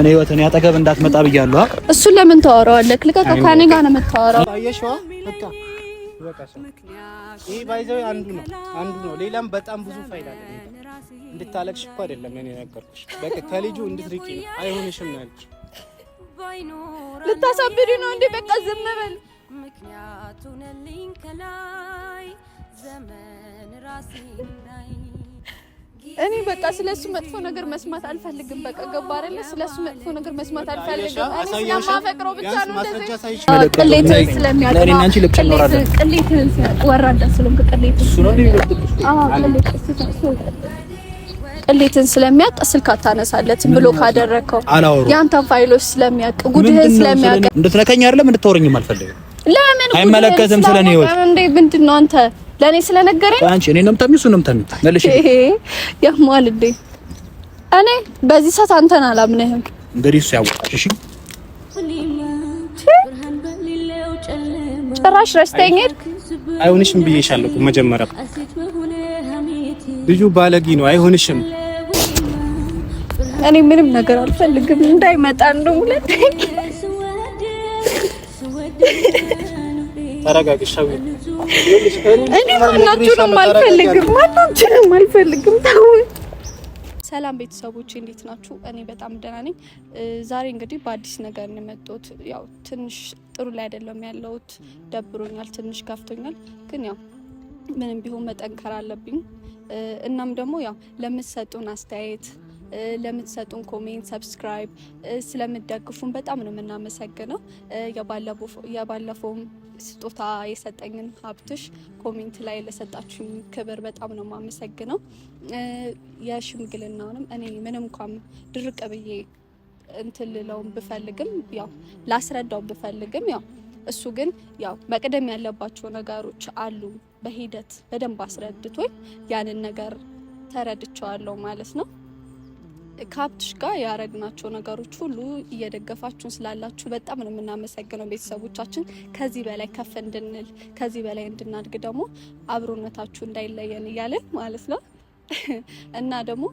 እኔ ህይወት እኔ አጠገብ እንዳትመጣ ብያለሁ። እሱን ለምን ታወራዋለህ? ልቀቅ። ከእኔ ጋር ነው የምታወራው። አየሽዋ በቃ ይሄ ባይዘው አንዱ ነው አንዱ ነው። ሌላም በጣም ብዙ ፋይዳ አለ። እንድታለቅሽ እኮ አይደለም እኔ ነገርኩሽ። በቃ ከልጁ እንድትርቂ ነው። አይሆንሽም ነው ያልኩሽ። ልታሳብዱ ነው እንዴ? በቃ ዝም በል። ምክንያቱን ከላይ ዘመን ራሴ ላይ እኔ በቃ ስለሱ መጥፎ ነገር መስማት አልፈልግም። በቃ ገባ አይደለ? ስለሱ መጥፎ ነገር መስማት አልፈልግም። ብቻ ነው እንደዚህ ቅሌትን ስለሚያውቅ ስልክ አታነሳለትም ብሎ ካደረከው የአንተን ፋይሎች ስለሚያውቅ ጉድህን ስለሚያውቅ እንድትነከኝ አይደለም እንድታወረኝም አልፈልግም። ለምን አይመለከትም ስለኔ ህይወት እንዴ ምንድን ነው አንተ ለእኔ ስለነገረኝ አንቺ እኔ ነው እሱ እሱን ነው የምታምኚው መልሽ ያማል እንዴ እኔ በዚህ ሰዓት አንተን አላምንህም እንግዲህ እሱ ያወቅሽ እሺ ጭራሽ ረስተኝ ሄድክ አይሆንሽም ብዬሻለሁ መጀመሪያ ልጁ ባለጊ ነው አይሆንሽም እኔ ምንም ነገር አልፈልግም እንዳይመጣ እንደው ሁለት ተረጋግሻው ሰላም ቤተሰቦች እንዴት ናችሁ? እኔ በጣም ደህና ነኝ። ዛሬ እንግዲህ በአዲስ ነገር እንመጣሁት። ያው ትንሽ ጥሩ ላይ አይደለም ያለሁት፣ ደብሮኛል፣ ትንሽ ከፍቶኛል። ግን ያው ምንም ቢሆን መጠንከር አለብኝ። እናም ደግሞ ያው ለምትሰጡን አስተያየት ለምትሰጡን ኮሜንት፣ ሰብስክራይብ ስለምደግፉን በጣም ነው የምናመሰግነው። የባለፈውም ስጦታ የሰጠኝን ሀብትሽ ኮሜንት ላይ ለሰጣችሁኝ ክብር በጣም ነው የማመሰግነው። የሽምግልናውንም እኔ ምንም እንኳን ድርቅ ብዬ እንትን ብፈልግም ያው ላስረዳው ብፈልግም ያው እሱ ግን ያው መቅደም ያለባቸው ነገሮች አሉ። በሂደት በደንብ አስረድቶኝ ያንን ነገር ተረድቸዋለሁ ማለት ነው። ከሀብትሽ ጋር ያረግናቸው ነገሮች ሁሉ እየደገፋችሁን ስላላችሁ በጣም ነው የምናመሰግነው። ቤተሰቦቻችን ከዚህ በላይ ከፍ እንድንል ከዚህ በላይ እንድናድግ ደግሞ አብሮነታችሁ እንዳይለየን እያለን ማለት ነው እና ደግሞ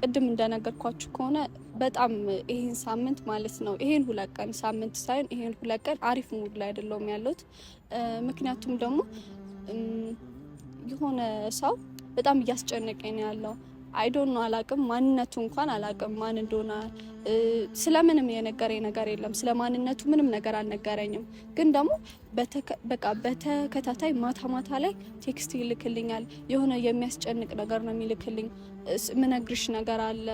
ቅድም እንደነገርኳችሁ ከሆነ በጣም ይህን ሳምንት ማለት ነው ይሄን ሁለት ቀን ሳምንት ሳይሆን ይሄን ሁለት ቀን አሪፍ ሙድ ላይ አይደለውም ያለሁት። ምክንያቱም ደግሞ የሆነ ሰው በጣም እያስጨነቀኝ ያለው አይዶን ነው አላቅም። ማንነቱ እንኳን አላቅም ማን እንደሆነ ስለምንም የነገረኝ ነገር የለም። ስለ ማንነቱ ምንም ነገር አልነገረኝም። ግን ደግሞ በቃ በተከታታይ ማታ ማታ ላይ ቴክስት ይልክልኛል። የሆነ የሚያስጨንቅ ነገር ነው የሚልክልኝ። ምነግርሽ ነገር አለ፣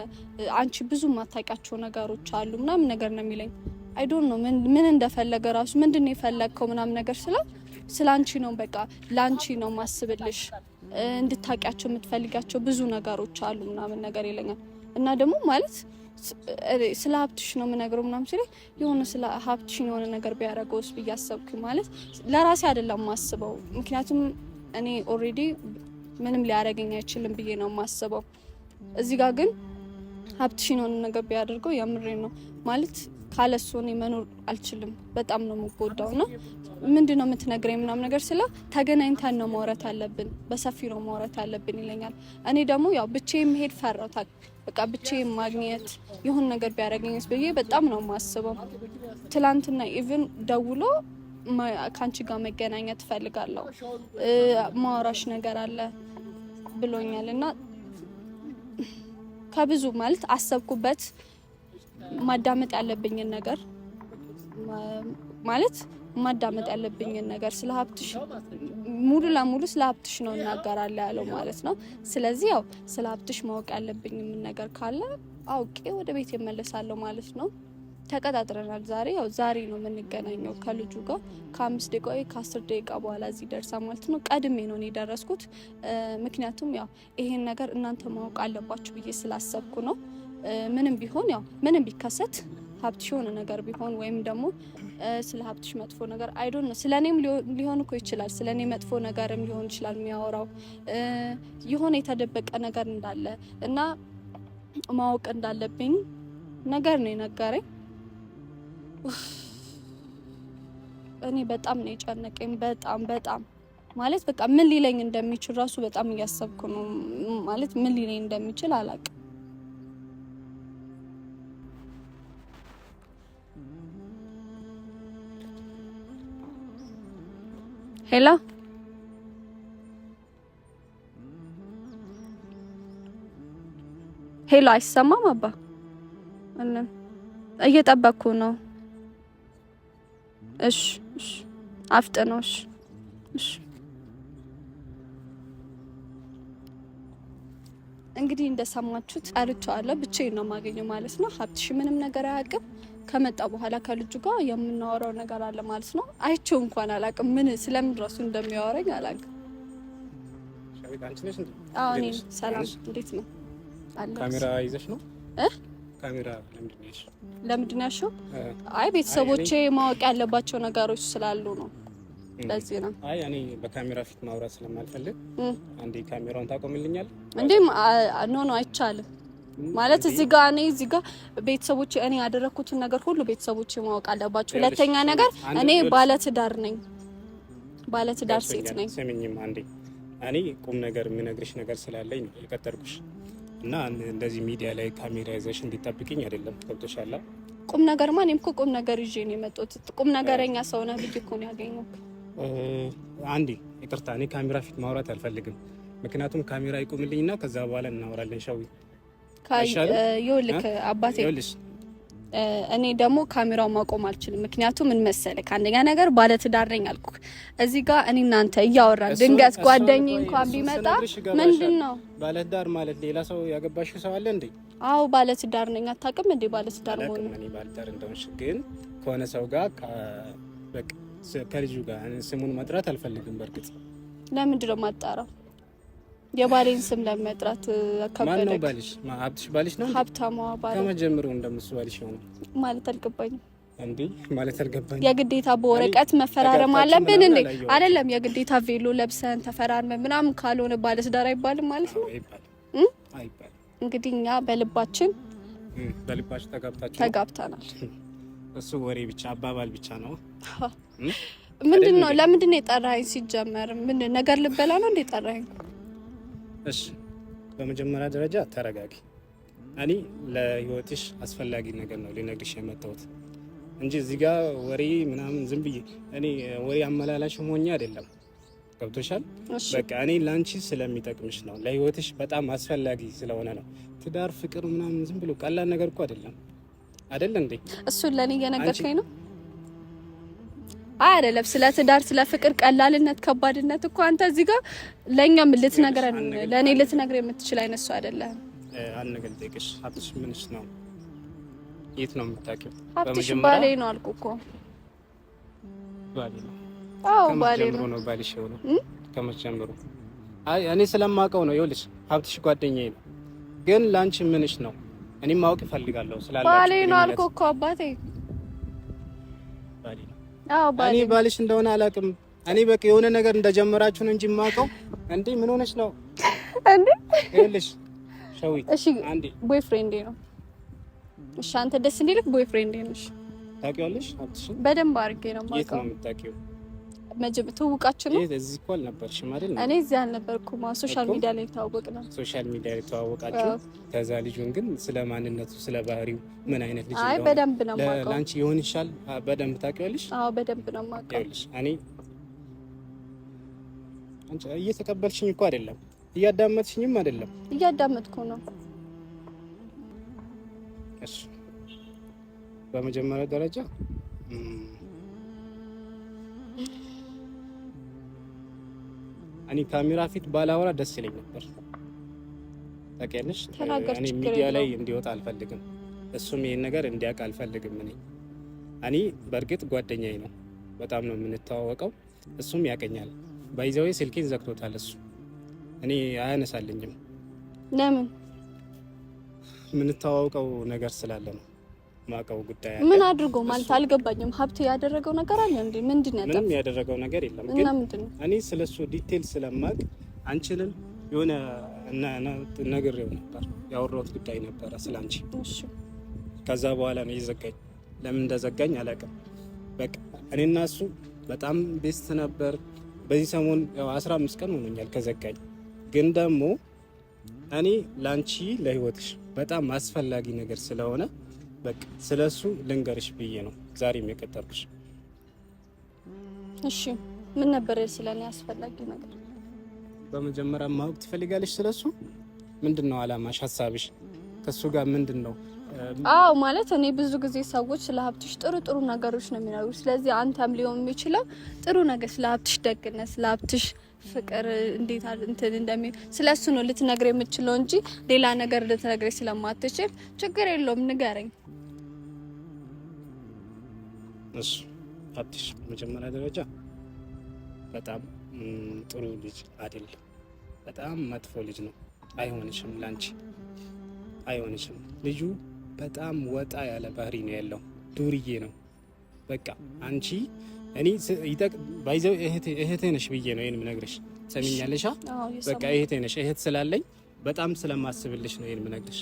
አንቺ ብዙ ማታውቂያቸው ነገሮች አሉ ምናምን ነገር ነው የሚለኝ። አይዶን ነው ምን እንደፈለገ ራሱ ምንድን ነው የፈለግከው ምናምን ነገር ስለ ስለ አንቺ ነው በቃ ለአንቺ ነው ማስብልሽ እንድታውቂያቸው የምትፈልጋቸው ብዙ ነገሮች አሉ ምናምን ነገር ይለኛል። እና ደግሞ ማለት ስለ ሀብትሽ ነው የምነግረው ምናምን ሲለኝ የሆነ ስለ ሀብትሽን የሆነ ነገር ቢያደርገውስ ብዬ አሰብኩኝ። ማለት ለራሴ አይደለም ማስበው፣ ምክንያቱም እኔ ኦልሬዲ ምንም ሊያደርገኝ አይችልም ብዬ ነው ማስበው እዚህ ጋር ግን ሀብትሽን የሆነ ነገር ቢያደርገው የምሬ ነው ማለት ካለሱ እኔ መኖር አልችልም። በጣም ነው የምጎዳው። ና ምንድን ነው የምትነግረኝ ምናምን ነገር ስለ ተገናኝተን ነው ማውራት አለብን፣ በሰፊ ነው ማውራት አለብን ይለኛል። እኔ ደግሞ ያው ብቼ መሄድ ፈራው። በቃ ብቼ ማግኘት ይሁን ነገር ቢያደርገኝስ ብዬ በጣም ነው የማስበው። ትላንትና ኢቭን ደውሎ ከአንቺ ጋር መገናኘት እፈልጋለሁ ማወራሽ ነገር አለ ብሎኛል እና ከብዙ ማለት አሰብኩበት ማዳመጥ ያለብኝን ነገር ማለት ማዳመጥ ያለብኝን ነገር ስለ ሀብትሽ ሙሉ ለሙሉ ስለ ሀብትሽ ነው እናገራለ ያለው ማለት ነው። ስለዚህ ያው ስለ ሀብትሽ ማወቅ ያለብኝ ምን ነገር ካለ አውቄ ወደ ቤት የመለሳለሁ ማለት ነው። ተቀጣጥረናል። ዛሬ ያው ዛሬ ነው የምንገናኘው ከልጁ ጋር ከአምስት ደቂቃ ወይ ከአስር ደቂቃ በኋላ እዚህ ደርሳ ማለት ነው። ቀድሜ ነው የደረስኩት፣ ምክንያቱም ያው ይሄን ነገር እናንተ ማወቅ አለባችሁ ብዬ ስላሰብኩ ነው። ምንም ቢሆን ያው ምንም ቢከሰት ሀብትሽ የሆነ ነገር ቢሆን ወይም ደግሞ ስለ ሀብትሽ መጥፎ ነገር አይዶን ነው። ስለ እኔም ሊሆን እኮ ይችላል። ስለ እኔ መጥፎ ነገርም ሊሆን ይችላል የሚያወራው የሆነ የተደበቀ ነገር እንዳለ እና ማወቅ እንዳለብኝ ነገር ነው የነገረኝ። እኔ በጣም ነው የጨነቀኝ። በጣም በጣም ማለት በቃ ምን ሊለኝ እንደሚችል ራሱ በጣም እያሰብኩ ነው። ማለት ምን ሊለኝ እንደሚችል አላውቅም። Hello? ሄሎ አይሰማም አባ እየጠበቅኩ ነው። እሺ እሺ አፍጥነው። እሺ እሺ እንግዲህ እንደሰማችሁት ቀርቼዋለሁ። ብቻዬን ነው የማገኘው ማለት ነው። ሀብትሽ ምንም ነገር አያውቅም። ከመጣ በኋላ ከልጁ ጋር የምናወራው ነገር አለ ማለት ነው። አይቼው እንኳን አላውቅም። ምን ስለምን ራሱ እንደሚያወራኝ አላውቅም። እኔ ሰላም፣ እንዴት ነው? ካሜራ ይዘሽ ነው? ካሜራ ለምንድን ነው ያልሽው? አይ ቤተሰቦቼ ማወቅ ያለባቸው ነገሮች ስላሉ ነው። ለዚህ ነው። አይ እኔ በካሜራ ፊት ማውራት ስለማልፈልግ አንዴ ካሜራውን ታቆምልኛል እንዴ? ኖ ኖ፣ አይቻልም ማለት እዚህ ጋር እኔ እዚህ ጋር ቤተሰቦች እኔ ያደረኩትን ነገር ሁሉ ቤተሰቦች ማወቅ አለባቸው። ሁለተኛ ነገር እኔ ባለትዳር ነኝ፣ ባለትዳር ሴት ነኝ። ስሚኝም አንዴ እኔ ቁም ነገር የምነግርሽ ነገር ስላለኝ ነው የቀጠርኩሽ እና እንደዚህ ሚዲያ ላይ ካሜራ ይዘሽ እንዲጠብቅኝ አይደለም። ገብቶሻል? ቁም ነገር ማ እኔም እኮ ቁም ነገር ይዤ ነው የመጣሁት። ቁም ነገረኛ ሰው ነህ ብዬሽ እኮ ነው ያገኘሁት። አንዴ ይቅርታ፣ እኔ ካሜራ ፊት ማውራት አልፈልግም። ምክንያቱም ካሜራ ይቁምልኝና ከዛ በኋላ እናወራለን። ሻዊ ይኸውልህ አባቴ እኔ ደግሞ ካሜራው ማቆም አልችልም። ምክንያቱም ምን መሰለክ፣ አንደኛ ነገር ባለትዳር ነኝ አልኩ። እዚህ ጋር እኔ እናንተ እያወራን ድንገት ጓደኝ እንኳን ቢመጣ ምንድን ነው ትዳር ማለት? ሌላ ሰው ያገባሽ ሰው አለ እንዴ? አዎ ባለ ትዳር ነኝ። አታውቅም እንዴ ባለ ባለትዳር መሆኑ? ትዳር እንደሆንሽ ግን ከሆነ ሰው ጋር ከልጁ ጋር ስሙን መጥራት አልፈልግም። በእርግጥ ለምንድን ነው የማጣራው? የባሌን ስም ለመጥራት ከበደ። ማን ነው ባልሽ? ሀብትሽ ባልሽ ነው? ሀብታማ ባል ከመጀመሩ እንደምሱ ባልሽ ነው ማለት አልገባኝም። እንዴ ማለት አልገባኝም። የግዴታ በወረቀት መፈራረም አለብን እንዴ? አይደለም የግዴታ ቬሎ ለብሰን ተፈራርመን ምናምን ካልሆነ ባለስዳር አይባልም ማለት ነው። እንግዲህ እኛ በልባችን በልባችን ተጋብታችሁ ተጋብተናል። እሱ ወሬ ብቻ አባባል ብቻ ነው። ምንድን ነው? ለምንድን ነው የጠራኸኝ? ሲጀመር ምን ነገር ልበላ ነው እንዴ የጠራኸኝ? እሺ በመጀመሪያ ደረጃ ተረጋጊ። እኔ ለህይወትሽ አስፈላጊ ነገር ነው ሊነግርሽ የመጣሁት እንጂ እዚህ ጋር ወሬ ምናምን ዝም ብዬ እኔ ወሬ አመላላሽ ሆኜ አይደለም። ገብቶሻል? በቃ እኔ ለአንቺ ስለሚጠቅምሽ ነው፣ ለህይወትሽ በጣም አስፈላጊ ስለሆነ ነው። ትዳር፣ ፍቅር ምናምን ዝም ብሎ ቀላል ነገር እኮ አይደለም። አይደል እንዴ? እሱን ለእኔ እየነገርከኝ ነው አይደለም። ስለ ትዳር፣ ስለ ፍቅር ቀላልነት፣ ከባድነት እኮ አንተ እዚህ ጋር ለእኛም ልትነግረ ለእኔ ልትነግር የምትችል አይነሱ ሰው አይደለም። አንድ ነገር ልጠይቅሽ፣ ሀብትሽ ምንሽ ነው? የት ነው የምታውቂው? ሀብትሽ ባሌ ነው አልኩ እኮ። ባሌ ነው? ባሌ ነው። ባልሽ ነው ከመች ጀምሮ? አይ እኔ ስለማውቀው ነው። ይኸውልሽ ሀብትሽ ጓደኛዬ ነው፣ ግን ለአንቺ ምንሽ ነው? እኔም ማወቅ እፈልጋለሁ። ስላለ ባሌ ነው አልኩ እኮ አባቴ እኔ ባልሽ እንደሆነ አላውቅም። እኔ በቃ የሆነ ነገር እንደጀመራችሁ ነው እንጂ የማውቀው። እንዴ ምን ሆነሽ ነው እንዴ? ይኸውልሽ ሸዊ፣ እሺ አንዴ ቦይፍሬንዴ ነው። እሺ አንተ ደስ እንዲልክ ቦይፍሬንዴ ነሽ። ታውቂዋለሽ? አትሽ በደንብ አድርጌ ነው የማውቀው። የት ነው የምታውቂው? ትውውቃችን ነው። እዚህ እኮ አልነበርሽም አይደል? እኔ እዚህ አልነበርኩም። ሶሻል ሚዲያ ላይ የተዋወቅ ነው። ሶሻል ሚዲያ ላይ የተዋወቃችሁ። ከዛ ልጁን ግን ስለ ማንነቱ ስለ ባህሪው ምን አይነት ልጅ አይ በደንብ ነው የማውቀው። ለአንቺ ይሆንሻል በደንብ ታውቂዋለሽ። አዎ በደንብ ነው የማውቀው። ይኸውልሽ እኔ አንቺ እየተቀበልሽኝ እኮ አይደለም፣ እያዳመጥሽኝም አይደለም። እያዳመጥኩ ነው። እሺ በመጀመሪያ ደረጃ እኔ ካሜራ ፊት ባላወራ ደስ ይለኝ ነበር። ታውቂያለሽ፣ እኔ ሚዲያ ላይ እንዲወጣ አልፈልግም። እሱም ይሄን ነገር እንዲያውቅ አልፈልግም። እኔ እኔ በእርግጥ ጓደኛዬ ነው፣ በጣም ነው የምንተዋወቀው። እሱም ያቀኛል። ባይዛዊ ስልኬን ዘግቶታል እሱ። እኔ አያነሳልኝም። ለምን? የምንተዋወቀው ነገር ስላለ ነው ማቀው ጉዳይ ምን አድርጎ ማለት አልገባኝም። ሀብት ያደረገው ነገር አለ እንዴ? ምንድን ነው? ምንም ያደረገው ነገር የለም። ግን እኔ ስለሱ ዲቴል ስለማቅ አንችልም የሆነ ነግሬው ነበር፣ ያወራሁት ጉዳይ ነበረ ስላንቺ። ከዛ በኋላ ነው የዘጋኝ። ለምን እንደዘጋኝ አላውቅም። በቃ እኔና እሱ በጣም ቤስት ነበር። በዚህ ሰሞን ያው 15 ቀን ሆኖኛል ከዘጋኝ። ግን ደግሞ እኔ ላንቺ ለህይወትሽ በጣም አስፈላጊ ነገር ስለሆነ በቃ ስለ እሱ ልንገርሽ ብዬ ነው ዛሬም የቀጠርኩሽ። እሺ ምን ነበር ስለኔ አስፈላጊ ነገር? በመጀመሪያ ማወቅ ትፈልጋለሽ ስለ እሱ ምንድን ነው አላማሽ፣ ሀሳብሽ ከሱ ጋር ምንድን ነው? አዎ ማለት እኔ ብዙ ጊዜ ሰዎች ስለ ሀብትሽ ጥሩ ጥሩ ነገሮች ነው የሚናገሩ። ስለዚህ አንተም ሊሆን የሚችለው ጥሩ ነገር ስለ ሀብትሽ ደግነት፣ ስለ ሀብትሽ ፍቅር እንዴት እንትን እንደሚ ስለ እሱ ነው ልትነግር የምችለው እንጂ ሌላ ነገር ልትነግሬ ስለማትችል ችግር የለውም ንገረኝ። እሱ አብትሽ በመጀመሪያ ደረጃ በጣም ጥሩ ልጅ አይደለም። በጣም መጥፎ ልጅ ነው። አይሆንሽም፣ ላንቺ አይሆንሽም። ልጁ በጣም ወጣ ያለ ባህሪ ነው ያለው። ዱርዬ ነው። በቃ አንቺ እኔ ይጠቅ ባይዘው እህቴ ነሽ ብዬ ነው ይሄን ነግርሽ። ሰሚኛለሻ? በቃ እህቴ ነሽ። እህት ስላለኝ በጣም ስለማስብልሽ ነው ይሄን ነግርሽ።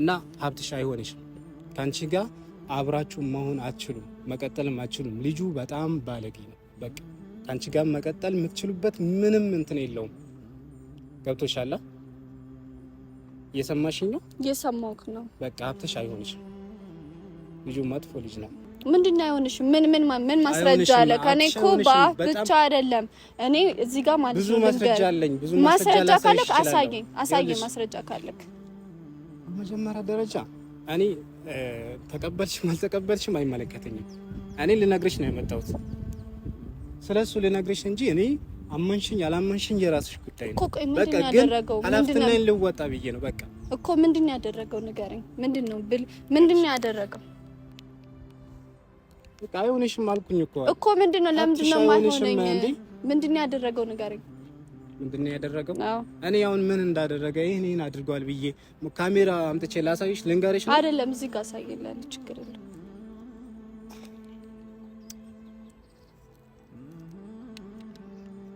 እና ሀብትሽ አይሆንሽም ከአንቺ ጋር አብራችሁ መሆን አትችሉም፣ መቀጠልም አትችሉም። ልጁ በጣም ባለጌ ነው። በቃ ከአንቺ ጋር መቀጠል የምትችሉበት ምንም እንትን የለውም። ገብቶሻላ? እየሰማሽኝ ነው? እየሰማሁህ ነው። በቃ ሀብትሽ አይሆንሽም። ልጁ መጥፎ ልጅ ነው። ምንድን ነው አይሆንሽ? ምን ምን ምን ማስረጃ አለ? ከኔ እኮ በአፍ ብቻ አይደለም። እኔ እዚህ ጋር ማለት ብዙ ማስረጃ አለኝ። ብዙ ማስረጃ ካለክ አሳየኝ፣ አሳየኝ ማስረጃ ካለክ መጀመሪያ ደረጃ እኔ ተቀበልሽም አልተቀበልሽም አይመለከተኝም። እኔ ልነግርሽ ነው የመጣሁት እሱ ልነግርሽ እንጂ እኔ አመንሽኝ አላመንሽኝ የራስሽ ጉዳይ ነው። በቃ ግን ኃላፊነቴን ልወጣ ብዬ ነው። በቃ እኮ ምንድን ነው ያደረገው? ንገረኝ። ምንድን ነው ብል ምንድን ነው ያደረገው? በቃ አይሆንሽም አልኩኝ እኮ እኮ ምንድን ነው ለምንድን ነው የማይሆነኝ? ምንድን ነው ያደረገው? ንገረኝ። ምንድን ያደረገው እኔ አሁን ምን እንዳደረገ ይሄን ይሄን አድርጓል ብዬ ካሜራ አምጥቼ ላሳይሽ፣ ልንገርሽ ነው አይደለም? እዚህ ጋር ሳይላል ችግር የለም።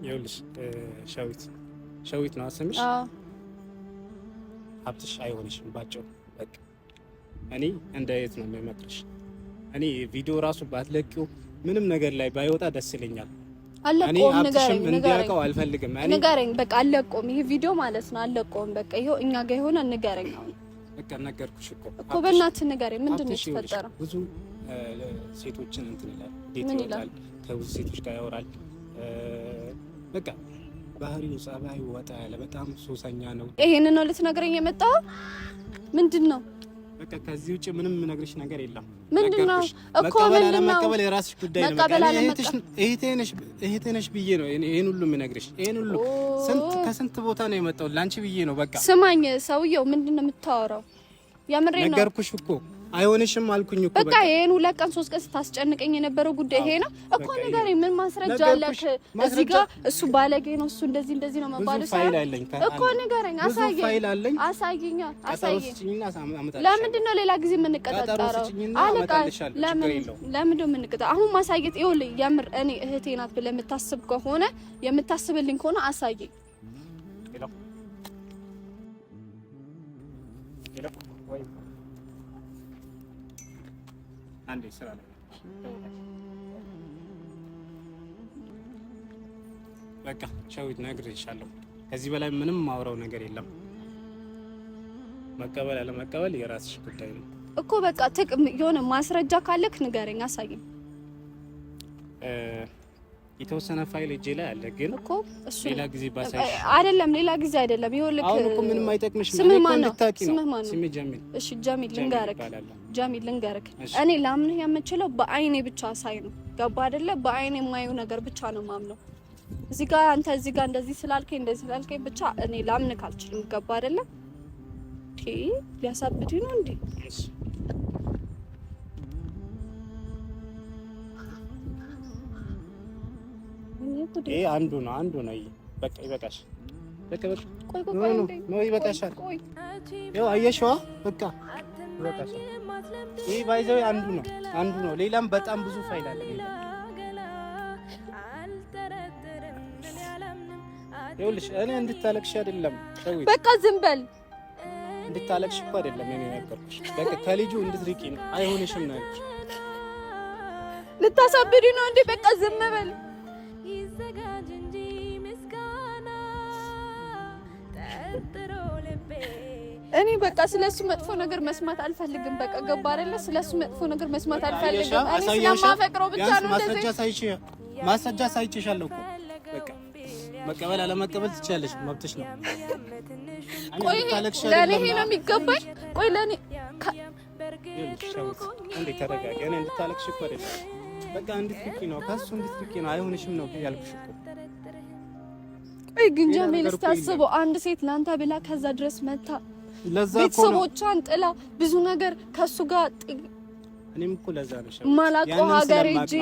ይኸውልሽ ሸዊት ሸዊት ነው አሰምሽ ሀብትሽ አይሆንሽም። ባጭሩ በቃ እኔ እንዳየት ነው የሚመክርሽ። እኔ ቪዲዮ ራሱ ባትለቂው ምንም ነገር ላይ ባይወጣ ደስ ይለኛል። አለቆም ንገረኝ፣ እንዲያውቀው አልፈልግም። ንገረኝ፣ በቃ አለቆም። ይሄ ቪዲዮ ማለት ነው አለቆም። በቃ ይሄው እኛ ጋር የሆነ ንገረኝ። አሁን በቃ ነገርኩሽ እኮ እኮ፣ በእናትህ ንገረኝ። ምንድን ነው የተፈጠረው? ብዙ ሴቶችን እንትን ይላል፣ ዴት ይወጣል፣ ከብዙ ሴቶች ጋር ያወራል። በቃ ባህሪው ጸባይ ወጣ ያለ በጣም ሱሰኛ ነው። ይሄንን ነው ልትነግረኝ የመጣው ምንድን ነው? በቃ ከዚህ ውጭ ምንም ነግርሽ ነገር የለም። ምንድነው እኮ ምንድነው መቀበል የራስሽ ጉዳይ ነው። እህቴ ነሽ ብዬ ነው ይሄን ሁሉ የምነግርሽ። ይሄን ሁሉ ስንት ከስንት ቦታ ነው የመጣው ላንቺ ብዬ ነው። በቃ ስማኝ ሰውየው ምንድነው የምታወራው? የምሬ ነው ነገርኩሽ እኮ አይሆንሽም አልኩኝ እኮ በቃ ይሄን ሁለት ቀን ሶስት ቀን ስታስጨንቀኝ የነበረው ጉዳይ ይሄ ነው እኮ። ነገር ምን ማስረጃ አለህ? እዚህ ጋር እሱ ባለጌ ነው፣ እሱ እንደዚህ እንደዚህ ነው መባሉ ሳይሆን እኮ ንገረኝ፣ አሳየኝ፣ አሳየኝ፣ አሳየኝ። ለምንድን ነው ሌላ ጊዜ የምንቀጣጠረው? አለቃ ለምን ለምንድን ነው የምንቀጣጠረው? አሁን ማሳየት ይኸውልህ፣ የምር እኔ እህቴ ናት ብለህ የምታስብ ከሆነ የምታስብልኝ ከሆነ አሳየኝ። አንዴ ስራ ላይ በቃ ቻዊት ነግሬሻለሁ። ከዚህ በላይ ምንም ማውራው ነገር የለም። መቀበል ያለመቀበል የራስሽ ጉዳይ ነው እኮ በቃ ጥቅም የሆነ ማስረጃ ካለክ ንገረኝ፣ አሳየኝ። የተወሰነ ፋይል እጄ ላይ አለ፣ ግን እኮ እሱ ሌላ ጊዜ ባሳይሽ አይደለም፣ ሌላ ጊዜ አይደለም። ይኸውልህ አሁን እኮ ምንም አይጠቅምሽም። ስምህ ማን ነው? ስምህ ጀሚል። እሺ ጀሚል፣ ጀሚል ልንገርክ፣ እኔ ላምንህ የምችለው በአይኔ ብቻ ሳይ ነው። ገባ አይደለ? በአይኔ የማየው ነገር ብቻ ነው ማምነው። እዚህ ጋር አንተ እዚህ ጋር እንደዚህ ስላልከኝ እንደዚህ ስላልከኝ ብቻ እኔ ላምንህ አልችልም። ገባ አይደለ? ቲ ሊያሳብድ ነው እንዴ? ይሄ አንዱ ነው አንዱ ነው። በቃ ይበቃሽ። በቃ በቃ ቆይ ቆይ ቆይ ነው ይበቃሻል። ቆይ ያው አየሽዋ በቃ ይበቃሻል። ይህ ባይዘው አንዱ ነው አንዱ ነው። ሌላም በጣም ብዙ ፋይል አለ። ይኸውልሽ እኔ እንድታለቅሽ አይደለም በቃ ዝም በል። እንድታለቅሽ እኮ አይደለም እኔ ነገርኩሽ። በቃ ከልጁ እንድትርቂ ነው። አይሆንሽም ነው ያልኩሽ። ልታሳብሪ ነው እንዴ? በቃ ዝም በል። ይዘጋጅ እንጂ ምስጋና ጠርጥሮ ልቤ እኔ በቃ ስለሱ መጥፎ ነገር መስማት አልፈልግም። በቃ ገባ አይደለ? ስለሱ መጥፎ ነገር መስማት አልፈልግም። እኔ ስለማፈቅረው ብቻ ነው እንደዚህ ማስረጃ ሳይችሻለሁ እኮ በቃ መቀበል አለመቀበል ትችያለሽ፣ መብትሽ ነው። ቆይ ለኔ ይሄ ነው የሚገባኝ። ቆይ ለኔ እንዴ ተረጋጊ። እኔ እንድታለቅሽ እኮ አይደለም በቃ እንድትርቂ ነው ከሱ እንድትርቂ ነው። አይሆንሽም ነው ያልኩሽ እኮ ቆይ ግን ጀሜል ስታስበው አንድ ሴት ላንተ ብላ ከዛ ድረስ መታ ቤተሰቦቿን ጥላ ብዙ ነገር ከሱ ጋር እኔም እኮ ለዛ ነው ማላውቀው ሀገር ሂጅ።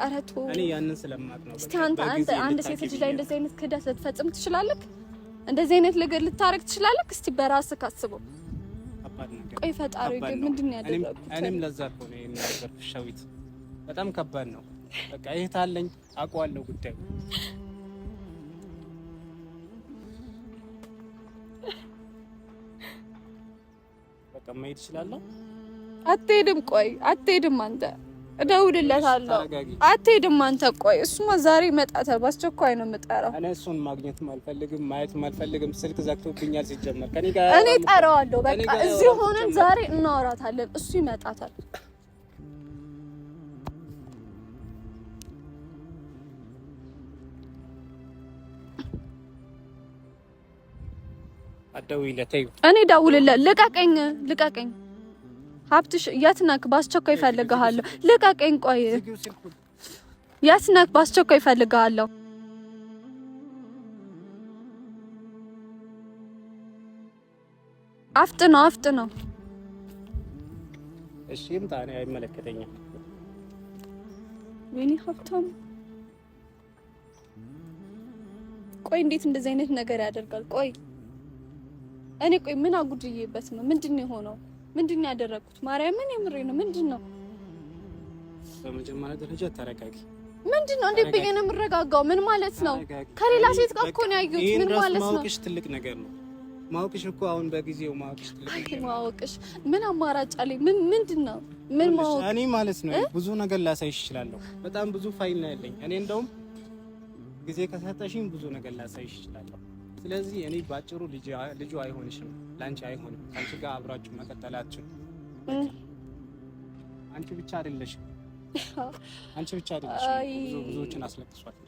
ኧረ እኔ ያንን ስለማውቅ ነው። እስኪ አንተ አንተ አንድ ሴት ልጅ ላይ እንደዚህ አይነት ክህደት ልትፈጽም ትችላለህ? እንደዚህ አይነት ነገር ልታረግ ትችላለህ? እስቲ በራስህ አስበው። ቆይ ፈጣሪ ግን ምንድን ያደረኩት? እኔም ለዛ እኮ ነው ይሄን ነገር ሸዊት፣ በጣም ከባድ ነው። በቃ ይሄ ታለኝ አውቀዋለሁ ጉዳዩ በቃ መሄድ እችላለሁ። አትሄድም። ቆይ አትሄድም። አንተ እደውልለታለሁ። አትሄድም። አንተ ቆይ እሱማ ዛሬ ይመጣታል። በአስቸኳይ ነው የምጠራው። እኔ እሱን ማግኘትም አልፈልግም፣ ማየት አልፈልግም። ስልክ ዘግቶብኛል። ሲጀመር ከኔ ጋር እኔ እጠራዋለሁ። በቃ እዚህ ሆነን ዛሬ እናወራታለን። እሱ ይመጣታል። እኔ ደውልለት። ልቀቀኝ፣ ልቀቀኝ። ሀብትሽ የት ነክ? በአስቸኳይ እፈልግሃለሁ። ልቀቀኝ። ቆይ የት በአስቸኳይ እፈልግሃለሁ። አፍጥነው፣ አፍጥነው። እሺ ይምጣ። እኔ አይመለከተኝም። ወይኔ ሀብታም ቆይ እንዴት እንደዚህ አይነት ነገር ያደርጋል? ቆይ እኔ ቆይ ምን አጉድዬበት ነው? ምንድን ነው የሆነው? ምንድን ነው ያደረኩት? ማርያምን የምሬ ነው። ምንድን ነው? በመጀመሪያ ደረጃ ተረጋጊ። ምንድን ነው? እንዴት ብዬ ነው የምረጋጋው? ምን ማለት ነው? ከሌላ ሴት ጋር እኮ ነው ያየሁት። ምን ማለት ነው? ማወቅሽ ትልቅ ነገር ነው። ማወቅሽ እኮ አሁን በጊዜው ማወቅሽ ትልቅ ነገር ነው። ማወቅሽ ምን አማራጭ አለኝ? ምን ምንድን ነው? ምን ማወቅ እኔ ማለት ነው ብዙ ነገር ላሳይሽ እችላለሁ። በጣም ብዙ ፋይል ነው ያለኝ። እኔ እንደውም ጊዜ ከሰጠሽኝ ብዙ ነገር ላሳይሽ እችላለሁ። ስለዚህ እኔ ባጭሩ ልጁ አይሆንሽም፣ ለአንቺ አይሆንም። ከአንቺ ጋር አብራችሁ መቀጠላችሁ አንቺ ብቻ አይደለሽም፣ አንቺ ብቻ አይደለሽም። ብዙዎችን አስለቅሷል።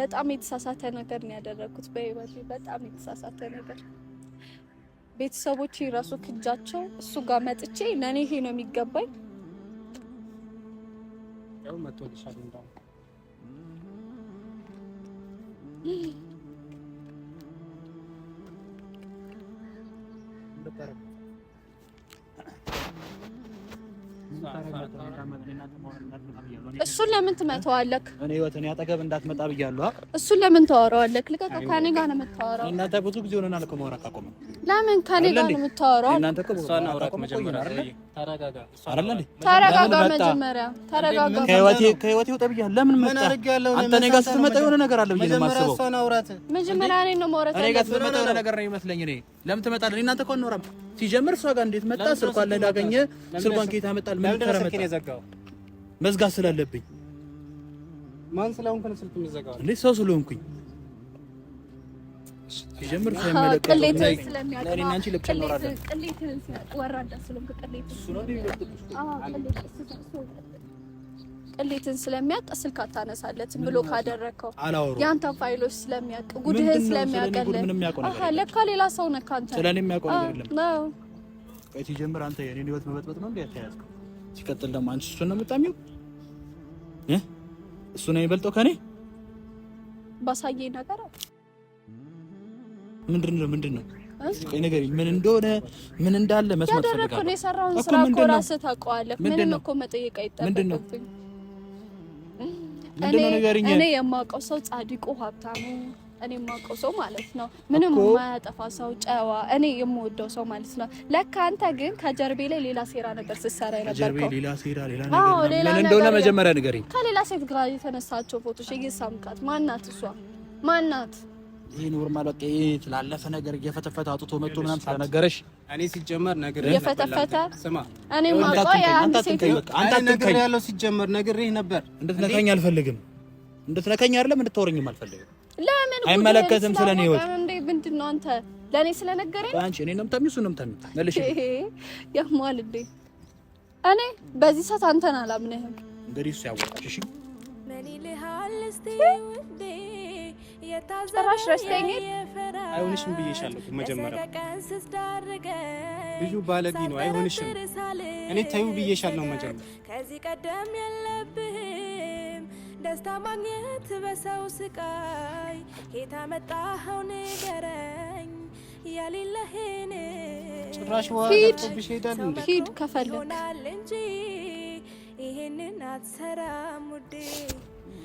በጣም የተሳሳተ ነገር ነው ያደረኩት በህይወቴ በጣም የተሳሳተ ነገር ቤተሰቦች ራሱ ክጃቸው እሱ ጋር መጥቼ ለእኔ ይሄ ነው የሚገባኝ ያው መጥቶልሻል እንዳውም 嗯。እሱን ለምን ትመተዋለክ? እኔ ህይወትን ያጠገብ እንዳትመጣ ብያለሁ። እሱን ለምን ታወራዋለክ? ልቀቀ። ከኔ ጋር ነው የምታወራው። እናንተ ብዙ ጊዜ ሆነናል እኮ ማውራት አቆመ። ለምን ከኔ ጋር ነው የምታወራው? እናንተ እኮ እሷን አውራት መጀመሪያ። ተረጋጋ። ተረጋጋ መጀመሪያ። ተረጋጋ። ከህይወቴ ከህይወቴ ውጣ ብያለሁ። ለምን መጣ? አንተ እኔ ጋር ስትመጣ የሆነ ነገር አለ ብዬ ነው የማስበው። መጀመሪያ መጀመሪያ እኔ ነው ማውራት። እኔ ጋር ስትመጣ የሆነ ነገር ነው ይመስለኝ እኔ ለምን ትመጣለህ? እናንተ እኮ አናወራም። ሲጀምር እሷ ጋር እንዴት መጣ? ስልኳን ላገኘ ስልኳን ከየት አመጣል? ምን መዝጋት ስላለብኝ ማን ስለሆንኩ ነው ስልክ የምትዘጋው? እንዴ ሰው ስለሆንኩኝ ሲጀምር ስለሚያቀለው ቅሌትን ስለሚያውቅ ስልክ አታነሳለትም ብሎ ካደረግከው የአንተን ፋይሎች ስለሚያውቅ ጉድህን ስለሚያውቅልህ ለካ ሌላ ሰው ነካ አንተ ስለኔ የሚያውቀው አንተ የኔን ህይወት መበጥበጥ ነው ሲቀጥል ደግሞ አንቺ እሱን ነው እሱ ነው የሚበልጠው ከኔ ባሳየኝ ነገር ምንድን ነው ምንድን ነው ነገር ምን እንደሆነ ምን እንዳለ መስማት ፈልጋለሁ። የሰራውን ስራ እኮ ራስህ ታውቀዋለህ። ምንም እኮ መጠየቅ አይጠበቅብኝ እኔ የማውቀው ሰው ጻድቁ ሀብታሙ እኔ የማውቀው ሰው ማለት ነው፣ ምንም የማያጠፋ ሰው ጨዋ፣ እኔ የምወደው ሰው ማለት ነው። ለካ አንተ ግን ከጀርቤ ላይ ሌላ ሴራ ነበር ስትሰራ የነበርከው። ሌላ እንደሆነ መጀመሪያ ንገረኝ። ከሌላ ሴት ጋር የተነሳቸው ፎቶች የጌሳምቃት ማናት? እሷ ማናት? ይሄ ኖርማል በቃ ይሄ ስላለፈ ነገር እየፈተፈተ አውጥቶ መጥቶ ምናምን ስለነገረሽ እኔ ሲጀመር ነገር እየፈተፈተ ስማ፣ እኔ ማውቀው የአንድ ሴት ነገር ያለው ሲጀመር ነግሬህ ነበር። እንድትነካኝ አልፈልግም፣ እንድትነካኝ አይደለም እንድታወሪኝም አልፈልግም። ለምን አይመለከትም ስለኔ ህይወት እንዴ? ምንድን ነው አንተ ለእኔ ስለነገረኝ አንቺ እኔ ነው የምታምኚው እሱን ነው የምታምኚው? መልሽ ያማል እንዴ? እኔ በዚህ ሰዓት አንተን አላምንህም። እንግዲህ እሱ ያወቅሽ እሺ ጭራሽ ረስተኝ አይሆንሽም ብዬሻለሁ። መጀመሪያ ልጁ ባለጌ ነው፣ አይሆንሽም። እኔ ተይው ብዬሻለሁ። መጀመሪያ ከዚህ ቀደም የለብህም ደስታ ማግኘት በሰው ስቃይ ጌታ መጣኸው ንገረኝ ያሌለህን ጭራሽ ዋብሽ ከፈለግ ይህንን አትሰራም ውዴ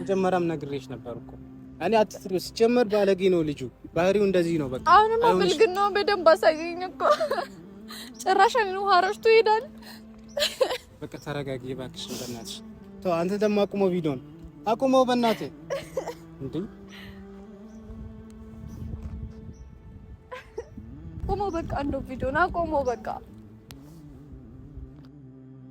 መጀመሪያም ነግሬሽ ነበር እኮ እኔ አትስሪ። ሲጀመር ባለጌ ነው ልጁ፣ ባህሪው እንደዚህ ነው። በቃ አሁንማ ብልግናውን በደንብ አሳየኝ እኮ ጭራሽ ነው ሀረሽቱ ይሄዳል። በቃ ተረጋጊ እባክሽ፣ በእናትሽ ተው። አንተ ደግሞ አቁሞ ቪዲዮን አቁሞ በእናትህ እንዴ አቁሞ በቃ እንደው ቪዲዮን አቁሞ በቃ